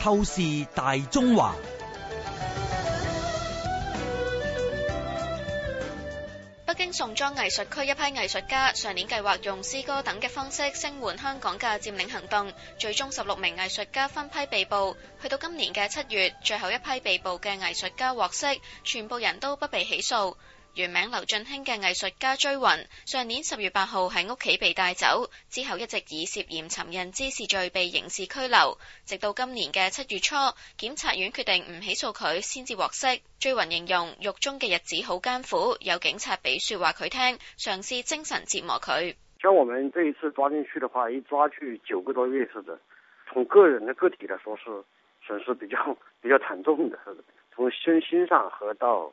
透視大中華。北京宋莊藝術區一批藝術家上年計劃用詩歌等嘅方式聲援香港嘅佔領行動，最終十六名藝術家分批被捕。去到今年嘅七月，最後一批被捕嘅藝術家獲釋，全部人都不被起訴。原名劉俊卿嘅藝術家追雲，上年十月八號喺屋企被帶走，之後一直以涉嫌尋釁滋事罪被刑事拘留，直到今年嘅七月初，檢察院決定唔起訴佢，先至獲釋。追雲形容獄中嘅日子好艱苦，有警察俾說話佢聽，嘗試精神折磨佢。像我們這一次抓進去的話，一抓去九個多月，似的，從個人的個體來說是，是損失比較比較慘重的，從身心上和到。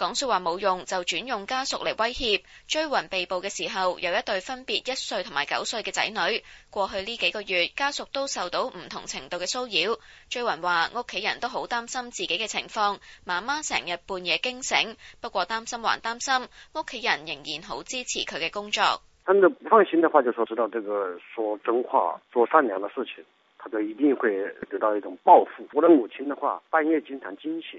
講說話冇用，就轉用家屬嚟威脅。追云被捕嘅時候，有一對分別一歲同埋九歲嘅仔女。過去呢幾個月，家屬都受到唔同程度嘅騷擾。追云話，屋企人都好擔心自己嘅情況，媽媽成日半夜驚醒。不過擔心還擔心，屋企人仍然好支持佢嘅工作。他們不放心的話，就說知道這個說真話做善良的事情，他就一定會得到一種報復。我的母親的話，半夜經常驚醒。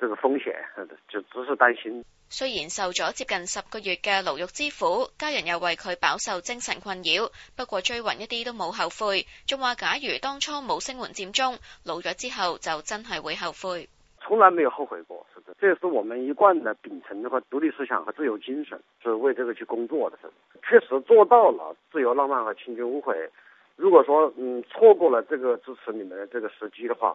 這個風險，就只是擔心。雖然受咗接近十個月嘅牢獄之苦，家人又為佢飽受精神困擾，不過追魂一啲都冇後悔，仲話假如當初冇聲援佔中，老咗之後就真係會後悔。從來沒有後悔過，是的，這是我們一貫的秉承呢個獨立思想和自由精神，是為這個去工作的，確實做到了自由、浪漫和青春無悔。如果說嗯，錯過了這個支持你們的這個時機的話。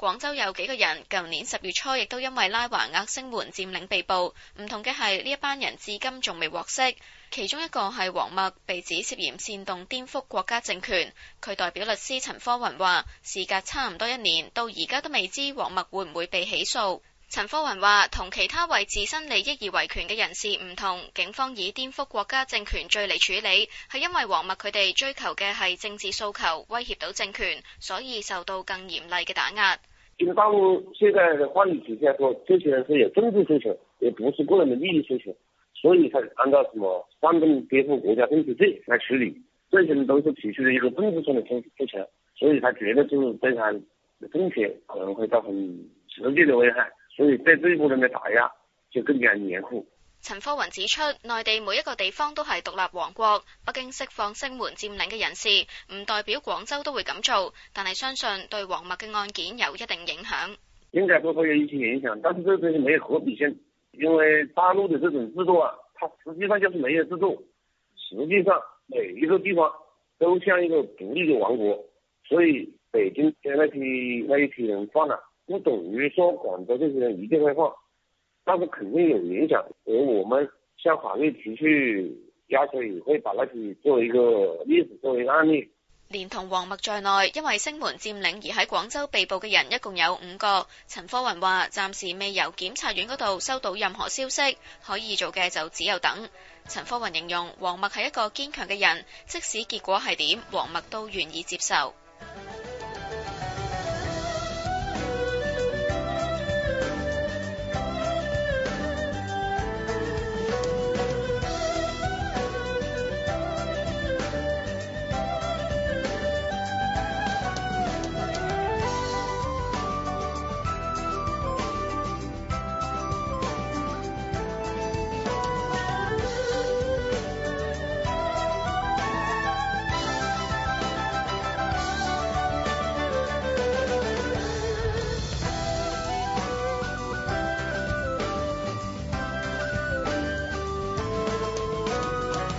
廣州有幾個人，舊年十月初亦都因為拉橫額聲援佔領被捕。唔同嘅係呢一班人至今仲未獲釋。其中一個係黃默，被指涉嫌煽動顛覆國家政權。佢代表律師陳科雲話，事隔差唔多一年，到而家都未知黃默會唔會被起訴。陳科雲話：，同其他為自身利益而維權嘅人士唔同，警方以顛覆國家政權罪嚟處理，係因為王默佢哋追求嘅係政治訴求，威脅到政權，所以受到更嚴厲嘅打壓。所以佢係按照什麼顛覆國家政權罪嚟處理。提出一個政治性嘅訴求，所以佢絕對就係對佢政權可能會造成危害。所以對這一部分嘅打壓就更加嚴酷。陳科雲指出，內地每一個地方都是獨立王國，北京釋放聲援佔領嘅人士，唔代表廣州都會咁做，但是相信對王默嘅案件有一定影響。應該會有一定影響，但是係佢沒有可比性，因為大陸的這種制度啊，它實際上就是沒有制度，實際上每一個地方都像一個獨立嘅王國，所以北京的那批那一批人放了、啊不等於說廣州這些人一定會放，但是肯定有影響。而我們向法律提出要求，也會把佢做一個例子，做一個案例。連同王默在內，因為聲援佔領而喺廣州被捕嘅人一共有五個。陳科雲話，暫時未由檢察院嗰度收到任何消息，可以做嘅就只有等。陳科雲形容王默係一個堅強嘅人，即使結果係點，王默都願意接受。